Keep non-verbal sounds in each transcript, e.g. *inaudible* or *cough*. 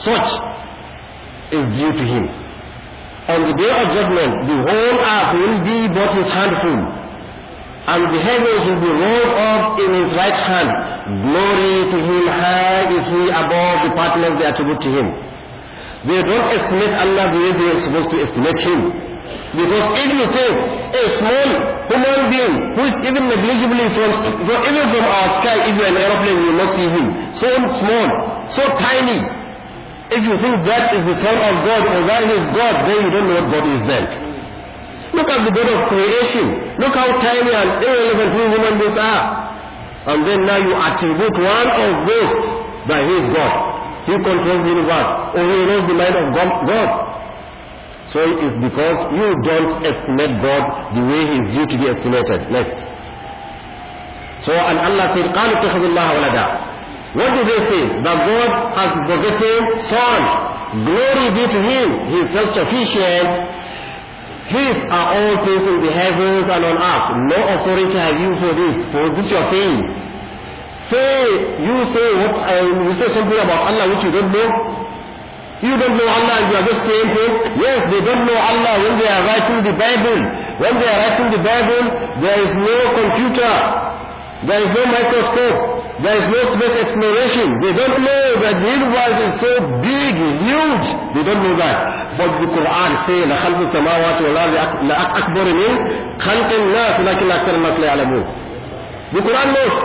Such is due to him. On the day of judgment, the whole earth will be but his handful and the heavens will be rolled up in his right hand. Glory to him, high is he above the partners they attribute to him. They don't estimate Allah the way they are supposed to estimate him. Because if you say a small human being who is even negligible from, even from our sky, if you are an aeroplane, you will not see him. So small, so tiny, If you think that is the Son of God or that is God, then you don't know what God is then. Look at the God of creation. Look how tiny and irrelevant we human beings are. And then now you attribute one of those by his God. He controls the universe. Or he knows the mind of God. So it is because you don't estimate God the way he is due to be estimated. Next. So, and Allah said, قَالُوا اتَّخَذُ اللَّهَ وَلَدًا What do they say? The God has begotten Son. Glory be to Him. He is self-sufficient. His are all things in the heavens and on earth. No authority have you for this. For this you are saying. Say, you say what, uh, you say something about Allah which you don't know. You don't know Allah and you are just saying things. Yes, they don't know Allah when they are writing the Bible. When they are writing the Bible, there is no computer. There is no microscope. There is no space exploration. They don't know that the universe is so big, huge. They don't know that. But the Quran says, لخلق السماوات والأرض أكبر من خلق الناس لكن أكثر الناس لا يعلمون. The Quran knows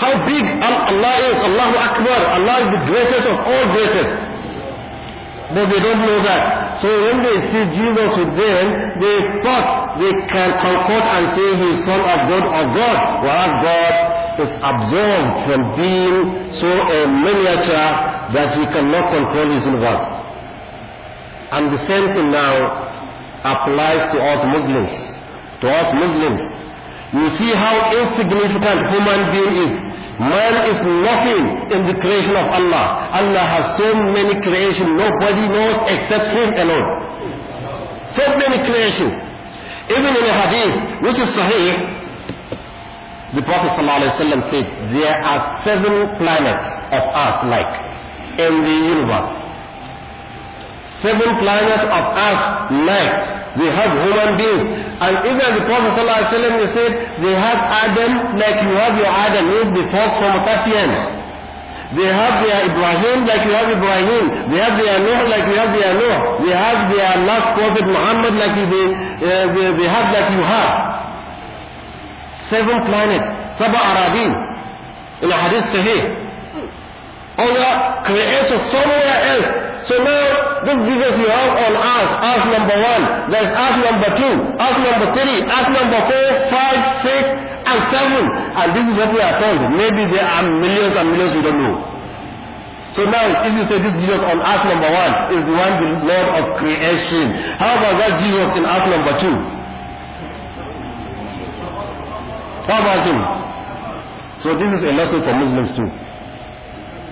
how big Allah is. Allahu Akbar. Allah is the greatest of all greatest. But they don't know that. So when they see Jesus with them, they thought they can concord and say he is son of God or God, whereas God is absorbed from being so a miniature that he cannot control his universe. And the same thing now applies to us Muslims. To us Muslims. You see how insignificant human being is. Man is nothing in the creation of Allah. Allah has so many creations, nobody knows except Him alone. So many creations. Even in a hadith, which is sahih, the Prophet ﷺ said, there are seven planets of earth like in the universe. Seven planets of earth like we have human beings. And even the Prophet ﷺ said, they have Adam like you have your Adam, he is the first Homo sapien. They have their Ibrahim like you have Ibrahim. They have their Noah like you have their Noah. They have their last prophet Muhammad like you, they, uh, they, they have like you have. seven planets, Saba Arabin, in a hadith Sahih. Allah oh, created somewhere else. So now, this Jesus you have on earth, earth number one, there's earth number two, earth number three, earth number four, five, six, and seven. And this is what we are told. Maybe there are millions and millions we don't know. So now, if you say this Jesus on earth number one is the one, the Lord of creation, how about that Jesus in earth number two? How about So this is a lesson for Muslims too.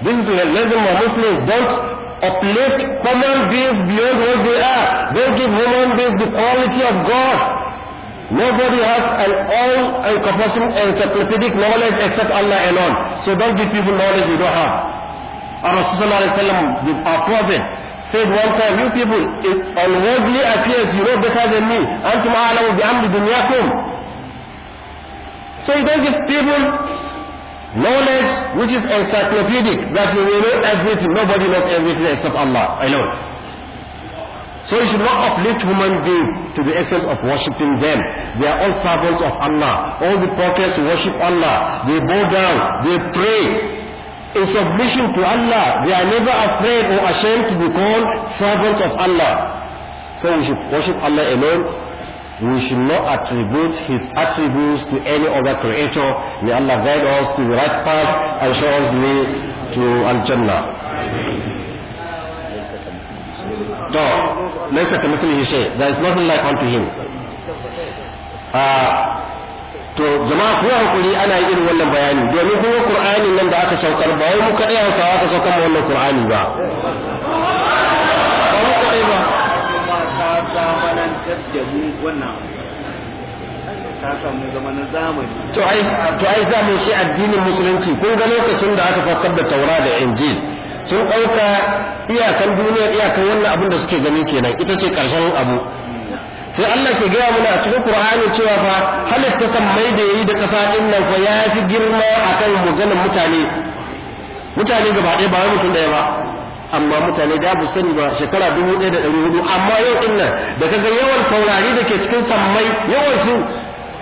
This is a lesson for Muslims. Don't uplift common beings beyond what they are. Don't give human beings the quality of God. Nobody has an all-encompassing encyclopedic knowledge except Allah alone. So don't give people knowledge you don't have. Our Rasulullah with our prophet said one time, you people, on worldly appears you know better than me. أنتم أعلم بأمر دنياكم So he don't give people knowledge which is encyclopedic, that you will know everything, nobody knows everything except Allah alone. So you should not uplift human beings to the essence of worshipping them. They are all servants of Allah. All the prophets worship Allah. They bow down. They pray. In submission to Allah, they are never afraid or ashamed to be called servants of Allah. So we should worship Allah alone we should not attribute his attributes to any other creator. May Allah guide us to the right path and show us the way to Al-Jannah. To, laysa kamithlihi There is nothing like unto him. Uh, to jama'a ku hakuri ana yin irin wannan bayani domin kuma Qur'anin nan da aka saukar ba wai mu kadai Hausawa aka saukar wannan Qur'ani ba. karantar wannan ta samu zama na zamani to ai za mu shi addinin musulunci kun ga lokacin da aka saukar da taura da injil sun ɗauka iyakan duniya iyakan wannan abin da suke gani kenan ita ce ƙarshen abu sai Allah ke gaya mana a cikin Qur'ani cewa fa halitta mai da yayi da ƙasa din nan fa ya fi girma akan maganar mutane mutane gaba ɗaya ba wai mutum ɗaya ba amma mutane da bu sani ba shekara dubu ɗaya da ɗari hudu amma yau ɗin nan da kaga yawan taurari da ke cikin sammai yawan su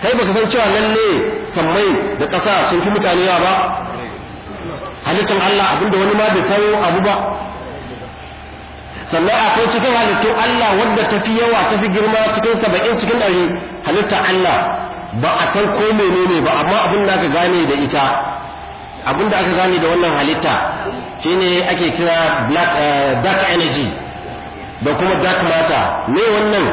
kai baka san cewa lalle sammai da ƙasa sun fi mutane yawa ba halittar Allah abinda wani ma bai san abu ba sannan akwai cikin halittun Allah wadda ta fi yawa ta fi girma cikin saba'in cikin ɗari halittar Allah ba a san ko menene ba amma abin da aka gane da ita abin da aka gane da wannan halitta Shi ne ake kira black eh, dark energy da kuma dark matter me wannan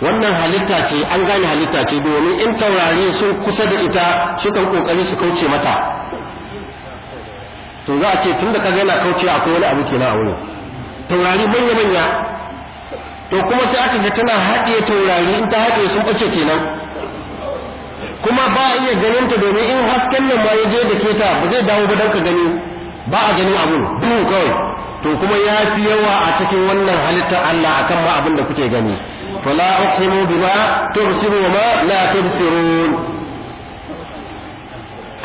wannan halitta ce an gane halitta ce domin in taurari sun kusa da ita sukan kokari su kauce mata to za a ce tun da ka gana kauce akwai wani abu kenan a wurin taurari manya manya to kuma sai aka ga tana haɗiye taurari in ta haɗiye sun ɓace kenan kuma ba a iya ganinta domin in hasken nan ma ya je da ke ta ba zai dawo ba don ka gani ba a ganin abun duhu kawai to kuma ya fi yawa a cikin wannan halittar Allah akan ma abin da kuke gani fala uqsimu bima tubsiru wa ma la tubsirun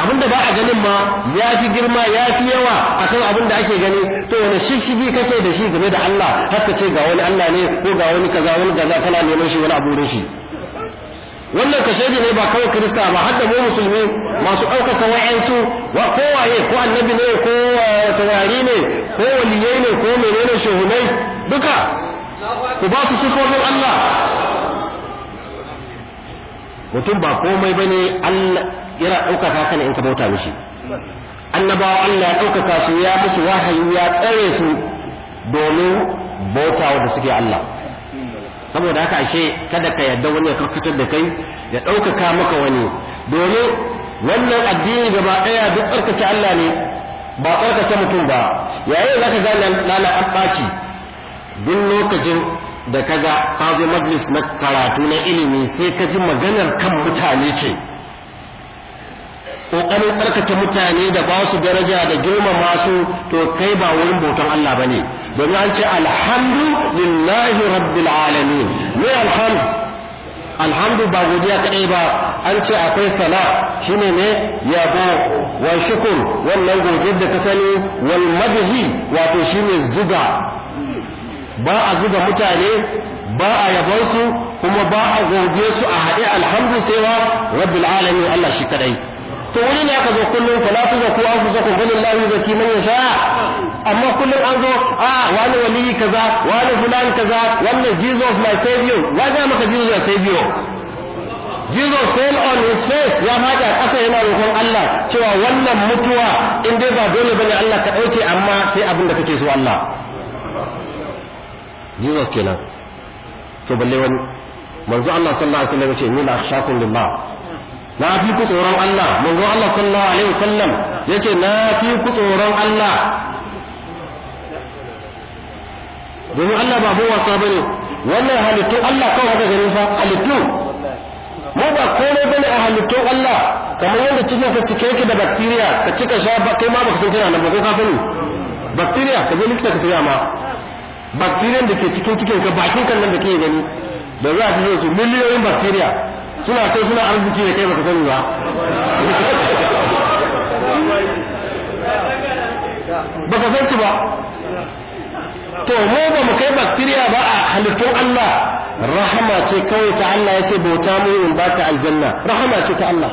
abin da ba a ganin ma ya fi girma ya fi yawa akan abin da ake gani to wani shishigi kake da shi game da Allah har ka ce ga wani Allah ne ko ga wani kaza wani kaza kana neman shi wani abu da shi wannan kashedi ne ba kawai kirista ba har da mu musulmi masu ɗaukaka wa'ansu wa kowaye ko annabi ne ko eh, tawari ne ko waliyai ne ko menene shehunai duka ku ba su sifofin Allah mutum ba komai ba ne Allah yana ɗaukaka ka ne in ka bauta mishi annabawa Allah ya ɗaukaka su ya musu wahayi ya tsare su domin bautawa da suke Allah saboda haka ashe kada ka yarda wani ya karkatar da kai ya ɗaukaka maka wani domin wannan addini gaba ɗaya duk tsarkace Allah ne ba tsarkace mutum ba yayin za zaka ga lana an duk lokacin da ka ga ka zo majlis na karatu na ilimi sai ka ji maganar kan mutane ce ƙoƙarin tsarkace mutane da ba su daraja da girmama su to kai ba wurin bautan Allah ba ne domin an ce alhamdu lillahi rabbil alamin me alhamdu alhamdu ba godiya kaɗai ba an ce akwai sala shine ne yabo wa shukur wannan godiyar da ka sani wal madhi wato shine zuga ba a zuga mutane ba a su, kuma ba a godiye su a haɗe alhamdu sai wa rabbil alamin Allah shi kaɗai to wani ne aka zo kullum fa la tuzaku anfusakum bal Allahu yuzaki man yasha amma kullum an zo a ah, wani ka kaza wani fulan kaza wannan Jesus my savior wa ga maka Jesus my savior Jesus fell on his face ya faɗi a ƙasa yana roƙon Allah cewa wannan mutuwa in dai ba dole bane Allah ka ɗauke amma sai abin da kake so Allah Jesus kenan to balle wani manzo Allah sallallahu alaihi wasallam ya ce ni la akhshakum lillah na fi ku tsoron Allah manzo Allah sallallahu alaihi wasallam yace na fi ku tsoron Allah domin Allah ba wasa bane wannan halittu Allah kawai haka garin sa halittu mu ba kore bane a halittu Allah kamar yadda cikin ka cike yake da bacteria ka cika sha ba kai ma baka san tana ba ko ka sani bacteria ka je likita ka ce ma bacteria da ke cikin cikin ka bakin kan nan da ke gani da za a fi su miliyoyin bacteria suna kai suna arziki da kai baka sani ba baka san ba to mu ba mu kai bacteria ba a halittun Allah rahama ce kawai ta Allah ya ce bauta mu in baka aljanna rahama ce ta Allah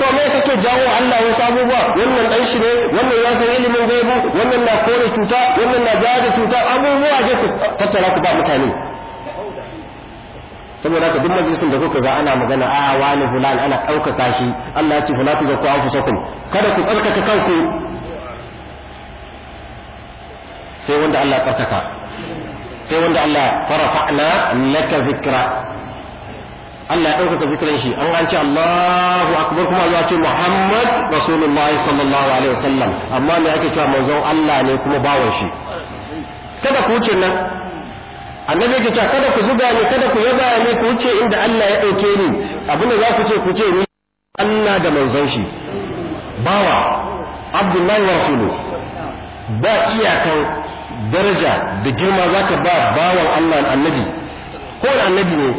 to me kake jawo Allah wasu abubuwa wannan dan shi ne wannan ya san ilimin gaibu wannan na kore cuta wannan na jawo da cuta abubuwa je ku tattara ku ba mutane saboda haka duk majalisin da kuka ga ana magana a wani fulan ana ɗaukaka shi Allah ya ce fulatu da ku anfusakum kada ku tsarkaka kanku sai wanda Allah tsarkaka sai wanda Allah farafa'na laka zikra Allah ya ɗaukaka zikirin shi an an ce Allahu akbar kuma ya ce Muhammad Rasulullahi sallallahu alaihi wasallam amma me ake cewa manzon Allah ne kuma bawan shi kada ku wuce nan annabi ke cewa kada ku zuga ni kada ku yaba ni ku ce inda Allah ya dauke ni abin da za ku ce ku ce ni Allah da manzon shi bawa abdullahi wa rasulu ba iyakan daraja da girma zaka ba bawan Allah annabi ko annabi ne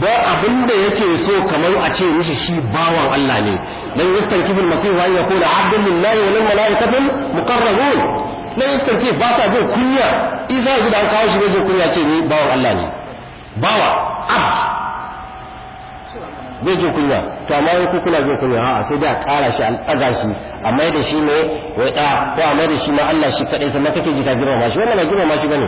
ba abin da yake so kamar a ce mishi shi bawan Allah ne dan yastankibu kibul masih wa yakuna abdullahi wa lil malaikatu muqarrabun na ce ba sa jin kunya isa yanzu da an kawo shi bai kunya ce ni bawan Allah ne bawa abd zai jin kunya to amma yi ku kuna jin kunya a'a sai da kara shi an ɗaga shi a mai da shi ne wai ɗa ko a mai da shi ma Allah shi kaɗai sannan kake ji ka girmama shi wannan ba girmama shi bane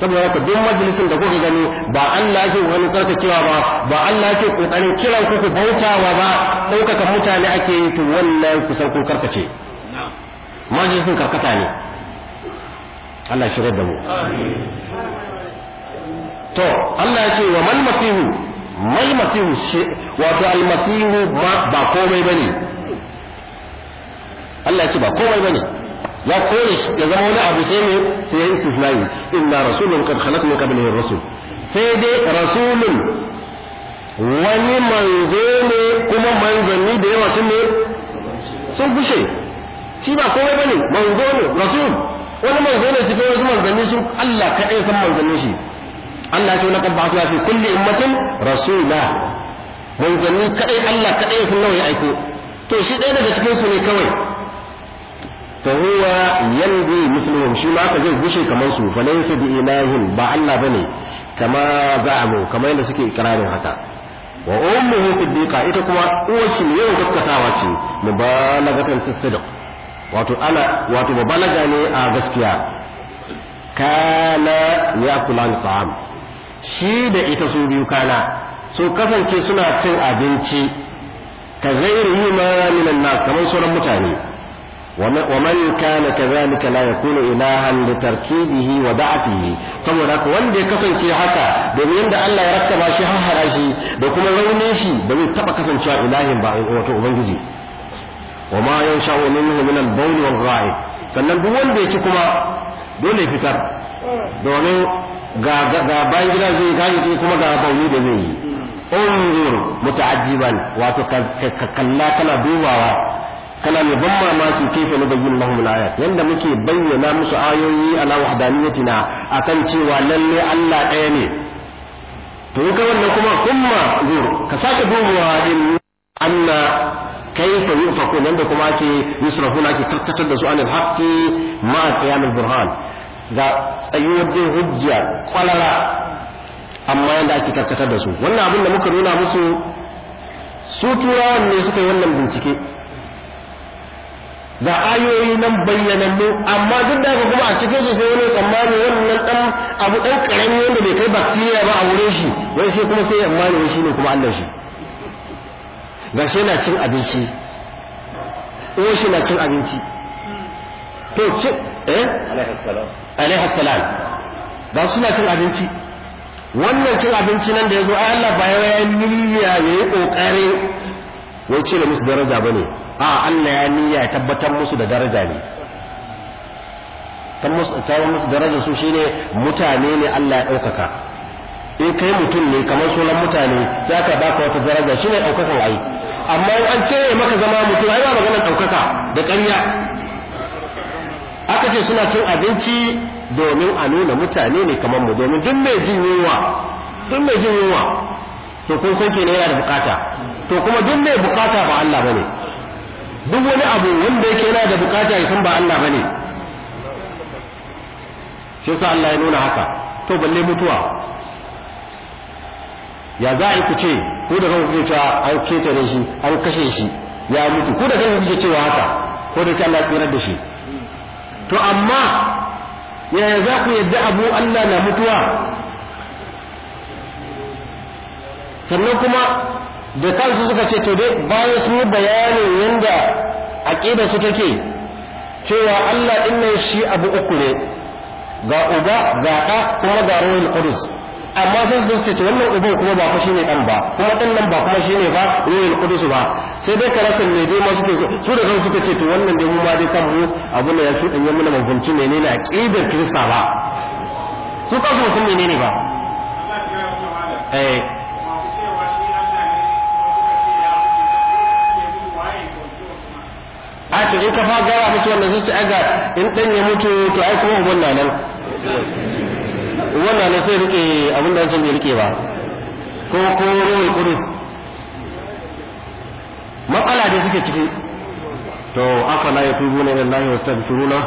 saboda haka duk majalisin da kuka gani ba Allah ke wani tsarkakewa ba ba Allah ke kokarin kira ku ku bautawa ba ɗaukaka mutane ake yi to wannan kusan kun karkace majalisin karkata ne Allah shirya da mu to Allah ya ce wa mal masihu mal masihu wato al masihu ba komai bane Allah ya ce ba komai bane ya kore ya zama wani abu sai ne sai ya istisnai inna rasulun qad khalat min qablihi rasul sai dai rasulun wani manzo ne kuma manzanni da yawa sun ne sun gushe shi ba komai bane manzo ne rasul wani manzo ne cikin wasu manzanni su Allah kaɗai san manzanni shi Allah ce laqad ba'athna fi kulli ummatin rasula manzanni kaɗai Allah kaɗai sun nawa ya aiko to shi ɗaya daga cikin su ne kawai fa huwa yandi mithluhum shi ma ka zai bushe kamar su fa laysa bi ilahin ba Allah bane kama za'amu kamar yadda suke ikrarin haka wa ummuhu siddiqa ita kuma uwar shi ne yawan gaskatawa ce mubalagatan fi sidq wato ana wato babalaga ne a gaskiya kana ya kula ni ta'am shi da ita su biyu kana su kasance suna cin abinci ka gairi yi ma minan nas kamar sauran mutane ومن كان كذلك لا يكون tarkibihi wa وضعفه saboda haka wanda ya kasance haka domin yadda Allah ya rakkaba shi har hara shi da kuma raunin shi da zai taba kasancewa ilahin ba wato ubangiji wa ma yansha'u minhu min al-bawl wal sannan duk wanda ya ci kuma dole fitar domin ga ga bayan gida zai ce kuma ga bauni da zai yi unzur muta'ajjiban wato ka kalla kana dubawa kana mai ban mamaki kaifa na bayyin lahum alayat yanda muke bayyana musu ayoyi ala wahdaniyatina akan cewa lalle Allah ɗaya ne to ka wannan kuma kuma zur ka sake dubawa in anna Kai kaifa nan da kuma ake yusrafuna ake karkatar da su anil haqqi ma qiyamul burhan ga tsayuwar din hujja kwalala amma yanda ake karkatar da su wannan abin da muka nuna musu su turawan ne suka yi wannan bincike da ayoyi nan bayyana mu amma duk da haka kuma a cikin su sai wani tsammani wannan dan abu dan karami wanda bai kai bakteria ba a wurin shi wai sai kuma sai ya tsammani shi ne kuma Allah shi gashi yana cin abinci ko shi na cin abinci to ce eh alaihi salam ga suna cin abinci wannan cin abinci nan da ya zo ai Allah ba ya yi niyya ne kokare wai ce da musu daraja bane a Allah ya niyya ya tabbatar musu da daraja ne ta musu daraja su shine mutane ne Allah ya ɗaukaka in kai mutum ne kamar sunan mutane za ka baka wata daraja shi ne ɗaukakan ai amma in an cire maka zama mutum ai ba maganar ɗaukaka da ƙarya aka ce suna cin abinci domin a nuna mutane ne kamar mu domin duk mai jin yunwa duk mai jin yunwa to kun san kenan yana da bukata to kuma duk mai bukata ba Allah bane duk wani abu wanda yake yana da bukata ya san ba Allah bane shi yasa Allah ya nuna haka to balle mutuwa ya za a yi ku ce ko da kanku kuke cewa an da shi an kashe shi ya mutu ko da kanku kuke cewa haka ko da kanku ya tsirar da shi to amma yaya za ku yadda abu Allah na mutuwa sannan kuma da kansu suka ce to dai bayan sun yi bayanin yadda aƙida su take cewa Allah ɗin nan shi abu uku ne ga uba ga ɗa kuma ga ruwan qudus amma sai su ce to wannan uban kuma ba fa shine dan ba kuma dan nan ba kuma shine ba ruhul qudus ba sai dai karasin ne dai ma suke so su da kansu suka ce to wannan dai mu ma dai kan mu abu da ya shi yamma mun gunci menene kidar kirista ba su so sun menene ba eh a to in ka fa gara musu wannan ce aga in dan ya mutu to ai kuma ubun nan wannan ne sai rike abin da wancan rike ba ko ko ruwan kudus matsala da suke ciki to aka la yatubuna ila allahi wastaghfiruna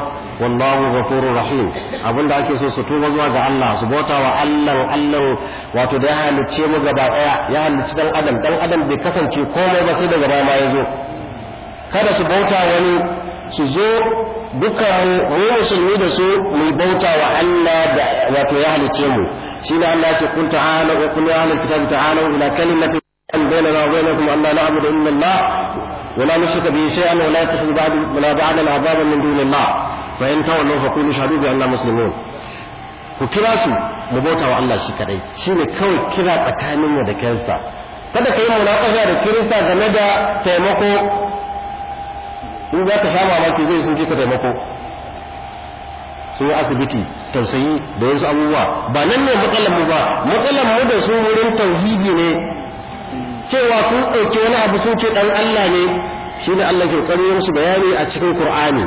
wallahu ghafurur rahim abinda ake so su tuba zuwa ga Allah su bauta wa Allah Allah wato da ya halicce mu gaba daya ya halicci dan adam dan adam bai kasance komai ba sai daga baya ya zo kada su bauta wani su zo Duka mu musulmi da su mu bauta wa Allah da wato ya halice mu shine Allah ce kun ta'ala wa kun ya halal kitab ta'ala ila kalimatin bainana wa bainakum Allah na'budu illa Allah wa la nushrika bihi shay'an wa la yattakhidhu ba'du wa la ba'da al-azaba min duni Allah fa in tawallu fa qulu shahadu bi anna muslimun ku kira su mu bauta wa Allah shi kadai Shi ne kawai kira tsakaninmu da kansa kada ka yi munakafa da Kirista game da taimako in za ka sha mamaki zai sun ka taimako Su yi asibiti tausayi da wasu abubuwa ba nan ne matsalar mu ba matsalar mu da su wurin tauhidi ne cewa sun ɗauki wani abu sun ce ɗan Allah ne shi ne Allah ke ƙarfi musu bayani a cikin Kur'ani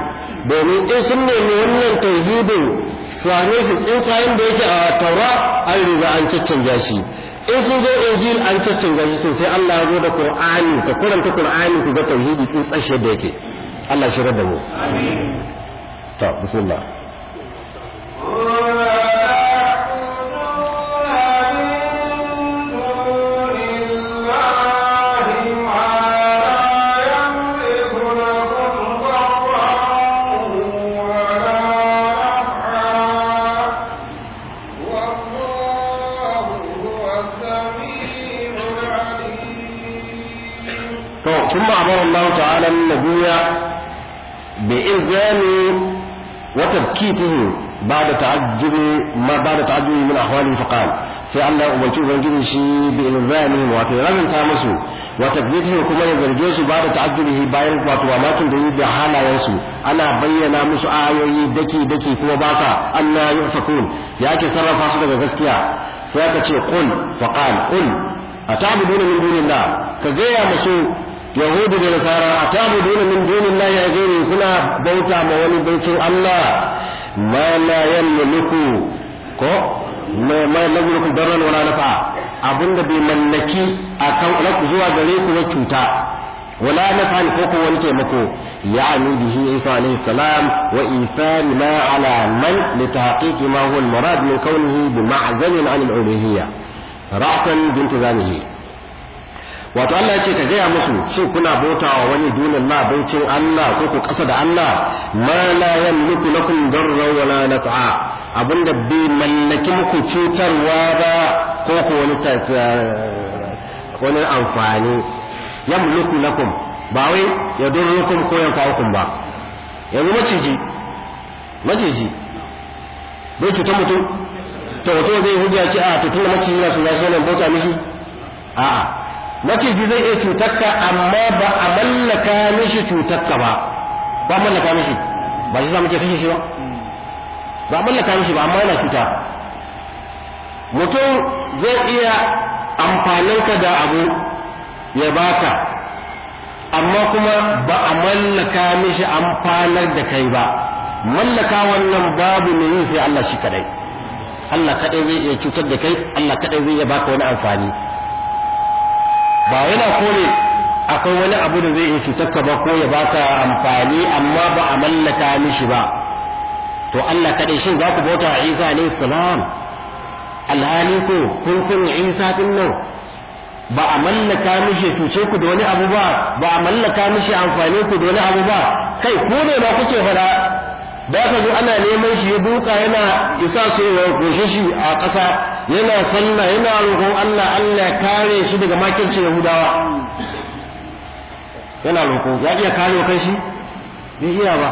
domin in sun nemi wannan tauhidin same su tsuntsayen da yake a taura an riga an caccanja shi in sun zo injil an caccanja shi sosai Allah ya zo da Kur'ani ka kuranta Kur'ani ku ga tauhidi tsuntsashe da yake Allah shirar da mu amin to bismillah تبكيته بعد تعجب ما بعد تعجب من أحواله فقال sai Allah ya umarci ubangiji shi bi ilzamihim wato ya rabinta musu wa takbitihim kuma ya zarge su ba da ta'ajjubihi bayan wato mamakin da yi da halayen su ana bayyana musu ayoyi daki daki kuma ba sa anna yufakun ya ke sarrafa su daga gaskiya sai aka ce qul fa qal qul atabuduna min dunillah ka gaya musu yahudu da nasara a tabu dole min dunin lahi a gairi kuna bauta ma wani baitin allah ma la yamliku ko ma ma yamliku wala nafa abinda bai mallaki akan ku zuwa gare ku na cuta wala nafa ko ko wani taimako ya anu bihi isa alayhi salam wa ifan ma ala man li tahqiqi ma huwa al marad min kawnihi bi ma'zalin an al-uluhiyya ra'atan bi intizamihi wato Allah ya ce ka gaya musu shin kuna bautawa wani dunin ma baucin Allah ko ku kasa da Allah ma la yamliku lakum darra la naf'a abinda bai mallaki muku cutarwa ba ko ku wani wani amfani yamliku lakum ba wai ya durrukum ko ya fa'ukum ba yanzu maciji maciji bai cutar mutum to mutum zai hujja ce a to da maciji na su gashi wannan bauta mishi a'a ji zai iya cutarka amma ba a mallaka mishi cutarka ba ba mallaka mishi ba shi zama mu ke kashe shi ba ba mallaka mishi ba amma yana cuta mutum zai iya amfaninka da abu ya baka amma kuma ba a mallaka mishi amfanar da kai ba mallaka wannan babu mai yi sai Allah shi kadai Allah kadai zai iya cutar da kai Allah kadai zai iya baka wani amfani ba yana kore akwai wani abu da zai iya cutar ba ko ya baka amfani amma ba a mallaka mishi ba to Allah kaɗai shin za ku bauta a Isa alaihi salam alhali ko kun san Isa din nan ba a mallaka mishi cuce ku da wani abu ba ba a mallaka mishi amfani ku da wani abu ba kai ko ne ba kuke faɗa? da ka zo ana neman shi ya duka yana isa so ya goshe shi a ƙasa yana sallah yana roƙon Allah Allah ya kare shi daga makircin Yahudawa yana roƙo ya iya kare kai shi bai iya ba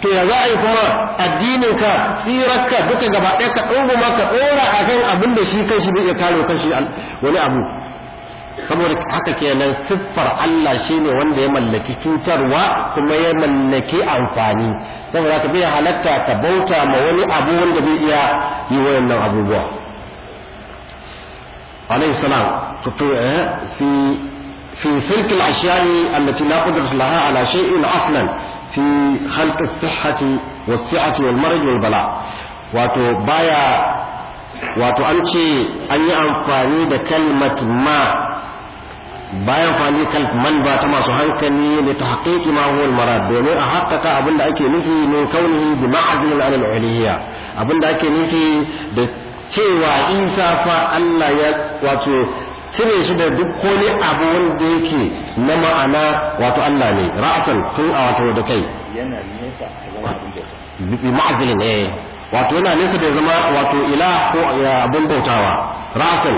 to ya za a yi kuma addinin ka sirarka duka gaba ɗaya ka ɗunguma maka ɗora a kan abin da shi kai shi bai iya kare kai shi wani abu saboda haka kenan siffar Allah shine wanda ya mallaki cutarwa kuma ya mallaki amfani saboda ka bai halatta ka bauta ma wani abu wanda bai iya yi wayannan abubuwa عليه السلام في في سلك الأشياء التي لا قدر لها على شيء أصلا في خلق الصحة والسعة والمرض والبلاء واتو بايا واتو أنشي أن يعني كلمة ما بايا ينفعني كلمة من با تما سهنكني لتحقيق ما هو المرض بني أحقق أبن دا في من كونه بمعزل على العليا أبن دا في cewa in safa Allah ya wato cire shi da duk wani abu wanda yake na ma'ana wato Allah ne ra'asan tun a wato da kai yana nesa bi wato yana nesa da zama wato ila ko abin bautawa ra'asan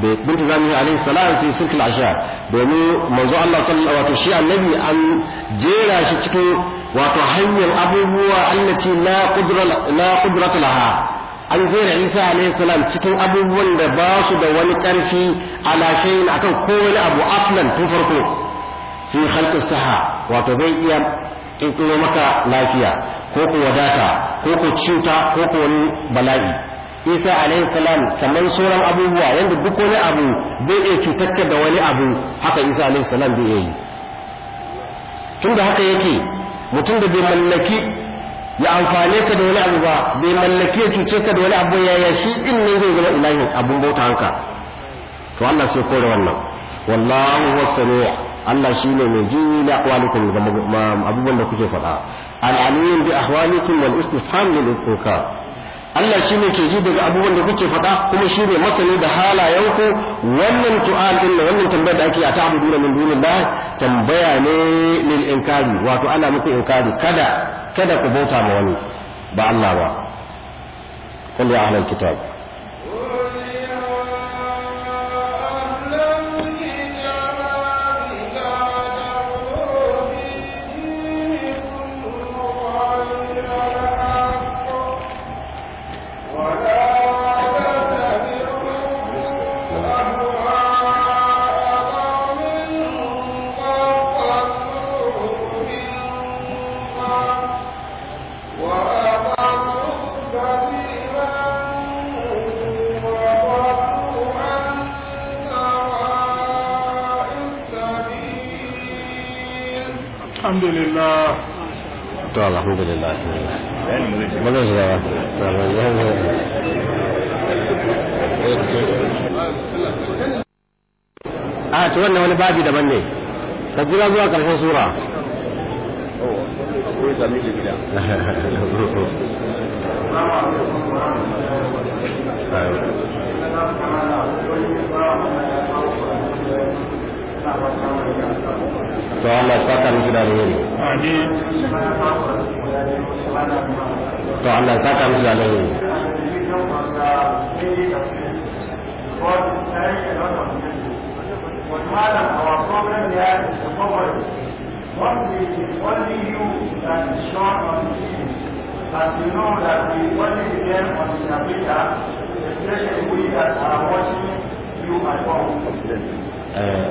da binta zamu alaihi salatu fi sirkil asha domin manzo Allah sallallahu wato shi annabi an jera shi cikin wato hanyar abubuwa allati la qudrata la qudrata laha an jera isa alayhi salam cikin abubuwan da ba su da wani ƙarfi lashayin a akan kowane abu aflan tun farko fi khalqi saha wato bai iya kirkiro maka lafiya ko ku wadata ko ku cuta ko ku wani bala'i isa alayhi salam kamar sauran abubuwa yadda duk wani abu bai iya cutarka da wani abu haka isa alayhi salam bai iya yi tunda haka yake mutum da bai mallaki ya amfane ka da wani abu ba bai mallake cuce ka da wani abu ya ya shi din ne zai zama ilahi abun bauta hanka to Allah sai kore wannan wallahu wasami Allah shine mai ji da ahwalikum ga abubuwan da kuke faɗa al'alim bi ahwalikum wal istifham lil fuka Allah shine ke ji daga abubuwan da kuke faɗa kuma shine masani da halayenku wannan tu'al din wannan tambayar da ake a ta'budu min dunillah tambaya ne lil inkari wato ana muku inkari kada kada ku bauta ma wani ba Allah ba kullu ahlul kitab to alhamdulillah ba zan a to wannan wani babi daban ne ka jira zuwa karshen sura Thank *laughs* *laughs* *laughs* to Allah saka musu da alheri to Allah saka musu da alheri والمعلم our problem there is the poverty. What we only you that is shown on TV, but you know that we only depend on the computer, especially we that are watching you at home. Eh.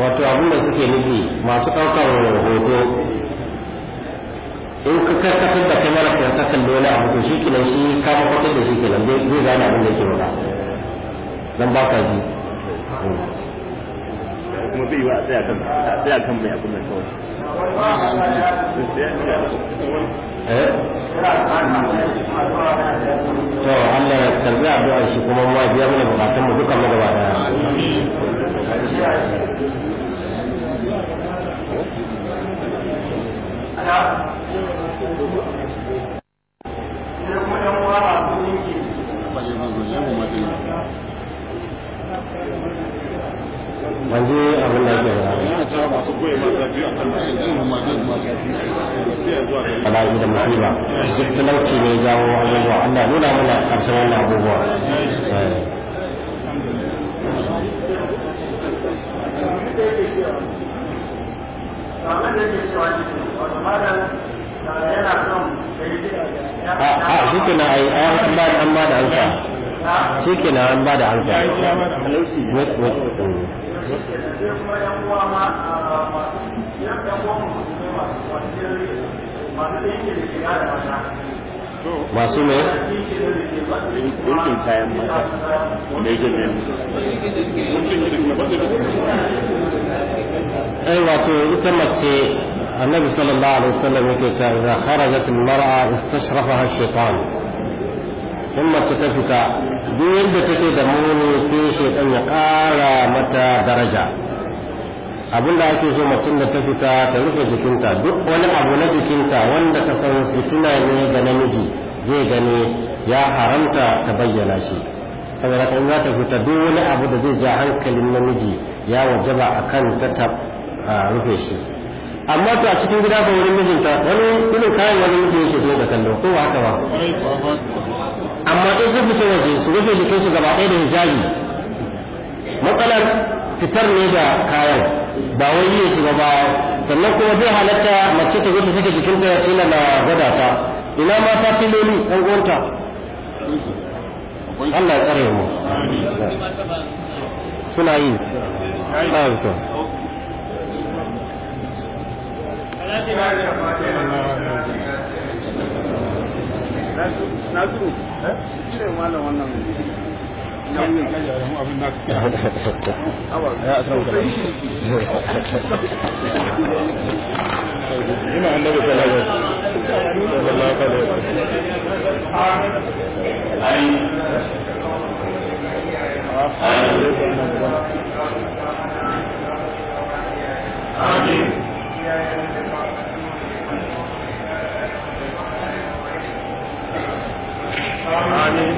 wato abin da suke nufi masu ɗaukar hoto in ka karkatar da kamar mara ta kalli dole abu to shi kenan shi ka mafatar da shi kenan zai gane abin da ke wada dan ba sa ji kuma bai wa a tsaya kan mai abin da kawai Eh? to Allah ya karbi addu'ar shi kuma ma biya mana bukatun mu duka gaba daya manzo abin da ake yi bala'i da musiba duk talauci ne jawo abubuwa Allah nuna mana karshen wannan abubuwa a shi kina ai an ba da an ba da alfa shi ke na an ba da hansa masu ne ɗinkin kayan mata da yake ne ai wato ita mace annabi sallallahu alaihi wasallam yake ta idan kharajat al-mar'a istashrafaha shaytan in mace ta fita duk yadda take da muni sai shaitan ya ƙara mata daraja abin da ake so mutum da ta fita ta rufe jikinta duk wani abu na jikinta wanda ta san fitina ne ga namiji zai gani ya haramta ta bayyana shi saboda kan za ta fita duk wani abu da zai ja hankalin namiji ya wajaba a kan ta ta rufe shi amma to a cikin gida ba wurin mijinta wani irin kayan wani miji yake so da kallo ko haka ba amma in sun fita waje su rufe jikinsu gaba ɗaya da hijabi matsalar fitar ne da kayan ba wai yi su ba sannan kuma bai halatta mace ta zuta ta jikin jikinta ya na gada ta ina mata lomi ɗan gonta Allah ya tsare mu suna yi Thank you. nasiru cire malam wannan ina annabi sallallahu alaihi wasallam Amin. I Amin.